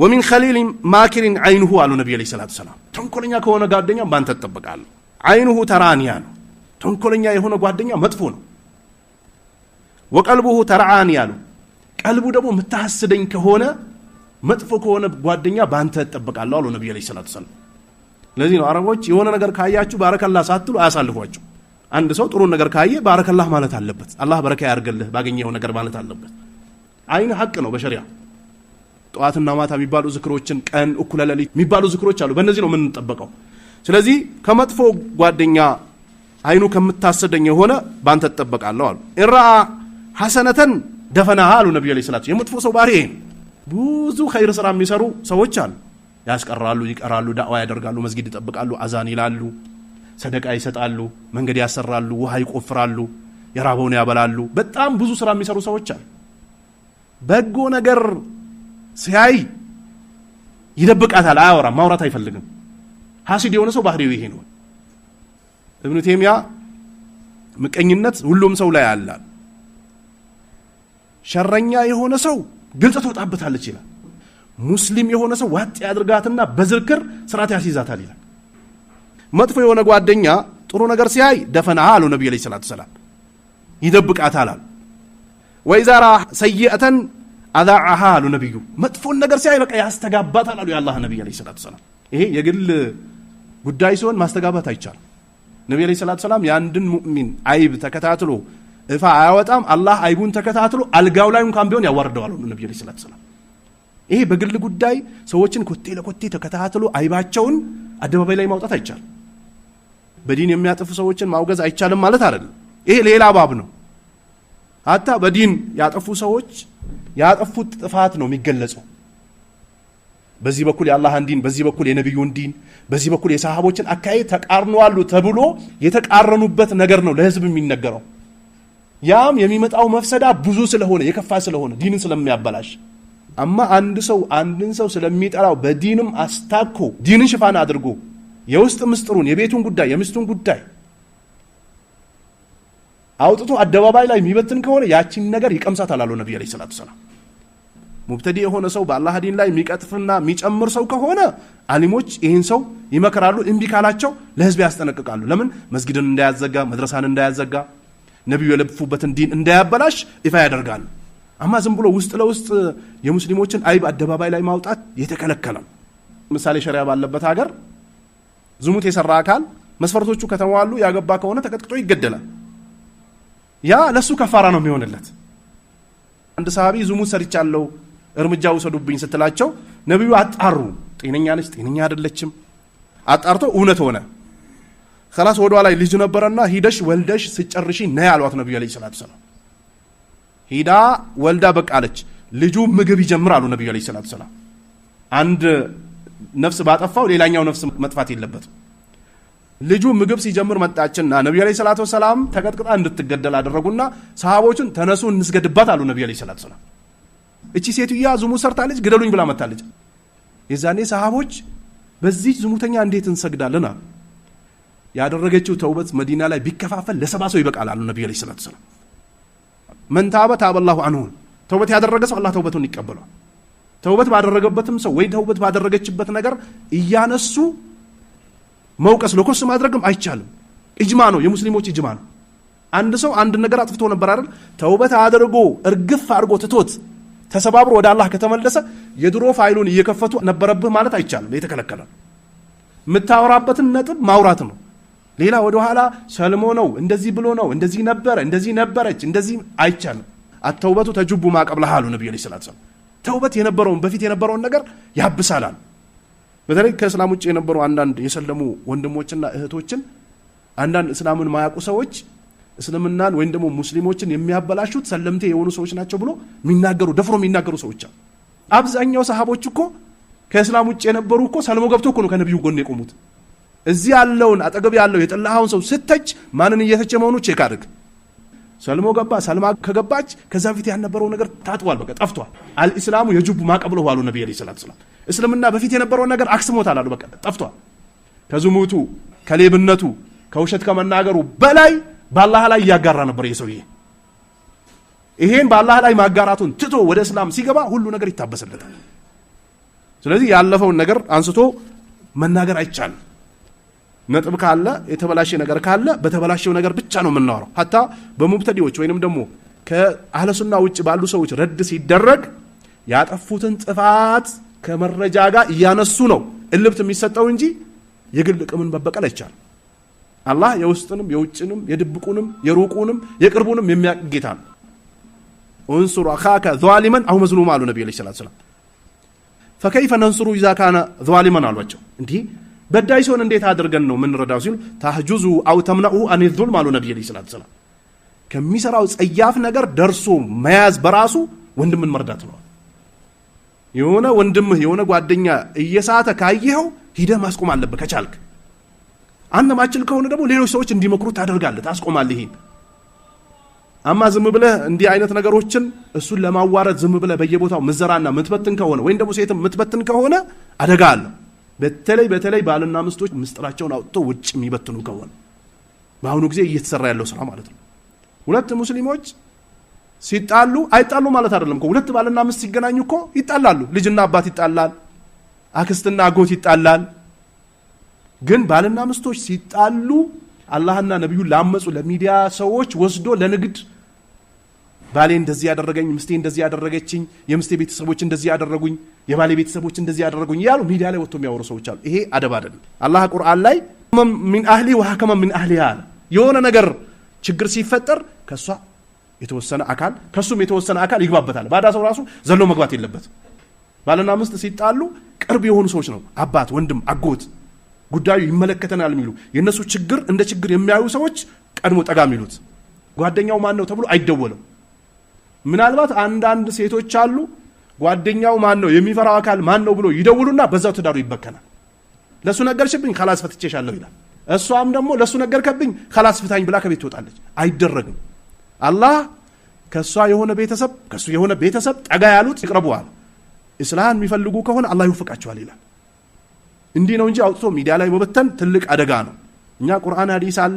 ወሚን ከሊል ማኪሪን አይንሁ አሉ ነቢ ለ ሰላት ሰላም። ተንኮለኛ ከሆነ ጓደኛ ባንተ ትጠበቃለህ። አይንሁ ተራኒያ ነው። ተንኮለኛ የሆነ ጓደኛ መጥፎ ነው። ወቀልቡሁ ተርዓኒ አሉ። ቀልቡ ደግሞ የምታሐስደኝ ከሆነ መጥፎ ከሆነ ጓደኛ በአንተ እጠበቃለሁ አሉ ነቢ ለ ሰላት ሰላም። ለዚህ ነው አረቦች የሆነ ነገር ካያችሁ ባረከላህ ሳትሉ አያሳልፏቸው። አንድ ሰው ጥሩ ነገር ካየ ባረከላህ ማለት አለበት። አላህ በረካ ያርገልህ ባገኘው ነገር ማለት አለበት። አይን ሀቅ ነው በሸሪያ ጠዋትና ማታ የሚባሉ ዝክሮችን፣ ቀን እኩለ ሌሊት የሚባሉ ዝክሮች አሉ። በእነዚህ ነው የምንጠበቀው። ስለዚህ ከመጥፎ ጓደኛ አይኑ ከምታሰደኝ የሆነ በአንተ ትጠበቃለሁ አሉ። ኢራአ ሐሰነተን ደፈናሃ አሉ ነቢዩ ዐለይሂ ሰላቱ የመጥፎ ሰው ባህሪ ይሄ ብዙ ኸይር ስራ የሚሰሩ ሰዎች አሉ። ያስቀራሉ፣ ይቀራሉ፣ ዳዕዋ ያደርጋሉ፣ መስጊድ ይጠብቃሉ፣ አዛን ይላሉ፣ ሰደቃ ይሰጣሉ፣ መንገድ ያሰራሉ፣ ውሃ ይቆፍራሉ፣ የራበውን ያበላሉ። በጣም ብዙ ስራ የሚሰሩ ሰዎች አሉ። በጎ ነገር ሲያይ ይደብቃታል፣ አያወራም፣ ማውራት አይፈልግም። ሀሲድ የሆነ ሰው ባህሪው ይሄ ነው። እብኑ ቴሚያ ምቀኝነት ሁሉም ሰው ላይ አለ። ሸረኛ የሆነ ሰው ግልጽ ትወጣበታለች ይላል። ሙስሊም የሆነ ሰው ዋጥ ያድርጋትና በዝርክር ስርዓት ያስይዛታል ይላል። መጥፎ የሆነ ጓደኛ ጥሩ ነገር ሲያይ ደፈና አሉ ነቢዩ ዓለይሂ ሰላቱ ሰላም፣ ይደብቃታል አሉ። ወይዛራ ሰይአተን አዛዓሃ አሉ ነቢዩ መጥፎን ነገር ሲያይ በቃ ያስተጋባታል አሉ የአላህ ነቢይ አለ ሰላት ሰላም ይሄ የግል ጉዳይ ሲሆን ማስተጋባት አይቻልም ነቢ አለ ሰላት ሰላም የአንድን ሙእሚን አይብ ተከታትሎ እፋ አያወጣም አላህ አይቡን ተከታትሎ አልጋው ላይ እንኳን ቢሆን ያዋርደዋል አሉ ነቢ አለ ሰላት ሰላም ይሄ በግል ጉዳይ ሰዎችን ኮቴ ለኮቴ ተከታትሎ አይባቸውን አደባባይ ላይ ማውጣት አይቻልም በዲን የሚያጥፉ ሰዎችን ማውገዝ አይቻልም ማለት አይደለም ይሄ ሌላ ባብ ነው አታ በዲን ያጠፉ ሰዎች ያጠፉት ጥፋት ነው የሚገለጸው። በዚህ በኩል የአላህን ዲን፣ በዚህ በኩል የነቢዩን ዲን፣ በዚህ በኩል የሰሃቦችን አካሄድ ተቃርነዋሉ ተብሎ የተቃረኑበት ነገር ነው ለህዝብ የሚነገረው። ያም የሚመጣው መፍሰዳ ብዙ ስለሆነ የከፋ ስለሆነ ዲንን ስለሚያበላሽ አማ አንድ ሰው አንድን ሰው ስለሚጠራው በዲንም አስታኮ ዲንን ሽፋን አድርጎ የውስጥ ምስጢሩን የቤቱን ጉዳይ የሚስቱን ጉዳይ አውጥቶ አደባባይ ላይ የሚበትን ከሆነ ያቺን ነገር ይቀምሳታል አሉ ነቢ ዓለይሂ ሰላቱ ሰላም። ሙብተዲ የሆነ ሰው በአላህ ዲን ላይ የሚቀጥፍና የሚጨምር ሰው ከሆነ አሊሞች ይህን ሰው ይመክራሉ። እምቢ ካላቸው ለህዝብ ያስጠነቅቃሉ። ለምን መስጊድን እንዳያዘጋ፣ መድረሳን እንዳያዘጋ፣ ነቢዩ የለብፉበትን ዲን እንዳያበላሽ ይፋ ያደርጋሉ። አማ ዝም ብሎ ውስጥ ለውስጥ የሙስሊሞችን አይብ አደባባይ ላይ ማውጣት የተከለከለ ነው። ምሳሌ ሸሪያ ባለበት ሀገር ዝሙት የሰራ አካል መስፈርቶቹ ከተሟሉ ያገባ ከሆነ ተቀጥቅጦ ይገደላል። ያ ለእሱ ከፋራ ነው የሚሆንለት። አንድ ሰሃቢ ዝሙት ሰርቻለሁ እርምጃ ውሰዱብኝ ስትላቸው ነቢዩ አጣሩ። ጤነኛ ነች፣ ጤነኛ አይደለችም። አጣርቶ እውነት ሆነ። ከላስ ወዷ ላይ ልጅ ነበረና ሂደሽ ወልደሽ ስጨርሽ ነ ያሏት ነቢዩ ዐለይሂ ሰላቱ ሰላም። ሂዳ ወልዳ በቃ አለች። ልጁ ምግብ ይጀምር አሉ ነቢዩ ዐለይሂ ሰላቱ ሰላም። አንድ ነፍስ ባጠፋው ሌላኛው ነፍስ መጥፋት የለበትም። ልጁ ምግብ ሲጀምር መጣችና ነቢዩ ዐለይሂ ሰላቱ ሰላም ተቀጥቅጣ እንድትገደል አደረጉና ሰሃቦቹን ተነሱ እንስገድባት አሉ ነቢዩ ዐለይሂ ሰላቱ ሰላም እቺ ሴትዮዋ ዝሙት ሰርታለች፣ ግደሉኝ ብላ መታለች። የዛኔ ሰሃቦች በዚህ ዝሙተኛ እንዴት እንሰግዳለን አሉ። ያደረገችው ተውበት መዲና ላይ ቢከፋፈል ለሰባ ሰው ይበቃል አሉ ነቢዩ ዐለይሂ ሰላቱ ወሰላም። ታበ ታበላሁ አንሁን ተውበት ያደረገ ሰው አላህ ተውበቱን ይቀበሏል። ተውበት ባደረገበትም ሰው ወይ ተውበት ባደረገችበት ነገር እያነሱ መውቀስ ለኮስ ማድረግም አይቻልም። እጅማ ነው፣ የሙስሊሞች እጅማ ነው። አንድ ሰው አንድ ነገር አጥፍቶ ነበር አይደል? ተውበት አድርጎ እርግፍ አድርጎ ትቶት ተሰባብሮ ወደ አላህ ከተመለሰ የድሮ ፋይሉን እየከፈቱ ነበረብህ ማለት አይቻልም። የተከለከለ የምታወራበትን ነጥብ ማውራት ነው። ሌላ ወደኋላ ሰልሞ ነው እንደዚህ ብሎ ነው እንደዚህ ነበረ እንደዚህ ነበረች እንደዚህ አይቻልም። አተውበቱ ተጁቡ ማቀብላህ አሉ ነቢዩ ዐለይሂ ሰላም። ተውበት የነበረውን በፊት የነበረውን ነገር ያብሳላል። በተለይ ከእስላም ውጭ የነበሩ አንዳንድ የሰለሙ ወንድሞችና እህቶችን አንዳንድ እስላምን ማያውቁ ሰዎች እስልምናን ወይም ደግሞ ሙስሊሞችን የሚያበላሹት ሰለምቴ የሆኑ ሰዎች ናቸው ብሎ የሚናገሩ ደፍሮ የሚናገሩ ሰዎች አሉ። አብዛኛው ሰሃቦች እኮ ከእስላም ውጭ የነበሩ እኮ ሰልሞ ገብቶ እኮ ነው ከነቢዩ ጎን የቆሙት። እዚህ ያለውን አጠገብ ያለው የጠላኸውን ሰው ስተች ማንን እየተቸ መሆኑ ቼክ አድርግ። ሰልሞ ገባ፣ ሰልማ ከገባች ከዛ ፊት ያልነበረው ነገር ታጥቧል፣ በቃ ጠፍቷል። አልእስላሙ የጁቡ ማቀብለ አሉ ነቢ ዐለይሂ ሰላቱ ሰላም። እስልምና በፊት የነበረው ነገር አክስሞታል አሉ፣ በቃ ጠፍቷል። ከዝሙቱ ከሌብነቱ ከውሸት ከመናገሩ በላይ በአላህ ላይ እያጋራ ነበር ይሄ ይሄን በአላህ ላይ ማጋራቱን ትቶ ወደ እስላም ሲገባ ሁሉ ነገር ይታበስለታል። ስለዚህ ያለፈውን ነገር አንስቶ መናገር አይቻልም። ነጥብ ካለ የተበላሸ ነገር ካለ በተበላሸው ነገር ብቻ ነው የምናወራው። ሀታ በሙብተዲዎች ወይንም ደግሞ ከአህለሱና ውጭ ባሉ ሰዎች ረድ ሲደረግ ያጠፉትን ጥፋት ከመረጃ ጋር እያነሱ ነው እልብት የሚሰጠው እንጂ የግል ጥቅምን መበቀል አይቻልም። አላህ የውስጥንም የውጭንም የድብቁንም የሩቁንም የቅርቡንም የሚያቅ ጌታ ነው። እንሱሩ አካከ ዘሊመን አሁ መዝሉም አሉ ነቢ ለ ስላት ስላም ፈከይፈ ነንሱሩ ኢዛ ካነ ዘሊመን አሏቸው። እንዲህ በዳይ ሲሆን እንዴት አድርገን ነው ምንረዳው ሲሉ ታህጁዙ አው ተምናኡ አን ዙልም አሉ ነቢ ለ ስላት ስላም ከሚሰራው ጸያፍ ነገር ደርሶ መያዝ በራሱ ወንድምን መርዳት ነው። የሆነ ወንድምህ የሆነ ጓደኛ እየሳተ ካየኸው ሂደህ ማስቆም አለብህ ከቻልክ አንተ ማችል ከሆነ ደግሞ ሌሎች ሰዎች እንዲመክሩ ታደርጋለህ፣ ታስቆማለህ። ይሄን አማ ዝም ብለህ እንዲህ አይነት ነገሮችን እሱን ለማዋረድ ዝም ብለህ በየቦታው ምዘራና ምትበትን ከሆነ ወይም ደግሞ ሴትም ምትበትን ከሆነ አደጋ አለ። በተለይ በተለይ ባልና ምስቶች ምስጢራቸውን አውጥቶ ውጭ የሚበትኑ ከሆነ በአሁኑ ጊዜ እየተሰራ ያለው ስራ ማለት ነው። ሁለት ሙስሊሞች ሲጣሉ አይጣሉ ማለት አይደለም እኮ ሁለት ባልና ምስት ሲገናኙ እኮ ይጣላሉ። ልጅና አባት ይጣላል፣ አክስትና አጎት ይጣላል ግን ባልና ምስቶች ሲጣሉ አላህና ነቢዩን ላመፁ ለሚዲያ ሰዎች ወስዶ ለንግድ ባሌ እንደዚህ ያደረገኝ፣ ምስቴ እንደዚህ ያደረገችኝ፣ የምስቴ ቤተሰቦች እንደዚህ ያደረጉኝ፣ የባሌ ቤተሰቦች እንደዚህ ያደረጉኝ እያሉ ሚዲያ ላይ ወጥቶ የሚያወሩ ሰዎች አሉ። ይሄ አደብ አይደለም። አላህ ቁርአን ላይ ሚን አህሊ ወሀከመ ሚን አህሊሃ አለ። የሆነ ነገር ችግር ሲፈጠር ከእሷ የተወሰነ አካል ከእሱም የተወሰነ አካል ይግባበታል። ባዳ ሰው ራሱ ዘሎ መግባት የለበት። ባልና ምስት ሲጣሉ ቅርብ የሆኑ ሰዎች ነው፣ አባት፣ ወንድም፣ አጎት ጉዳዩ ይመለከተናል የሚሉ የእነሱ ችግር እንደ ችግር የሚያዩ ሰዎች ቀድሞ ጠጋ የሚሉት ጓደኛው ማን ነው ተብሎ አይደወልም። ምናልባት አንዳንድ ሴቶች አሉ ጓደኛው ማን ነው የሚፈራው አካል ማን ነው ብሎ ይደውሉና በዛው ትዳሩ ይበከናል። ለእሱ ነገርሽብኝ ካላስፈትቼሻለሁ ይላል። እሷም ደግሞ ለእሱ ነገርከብኝ ካላስፍታኝ ብላ ከቤት ትወጣለች። አይደረግም። አላህ ከእሷ የሆነ ቤተሰብ ከእሱ የሆነ ቤተሰብ ጠጋ ያሉት ይቅረቡዋል። እስላህን የሚፈልጉ ከሆነ አላህ ይወፍቃቸዋል ይላል። እንዲህ ነው እንጂ አውጥቶ ሚዲያ ላይ መበተን ትልቅ አደጋ ነው። እኛ ቁርአን ሀዲስ አለ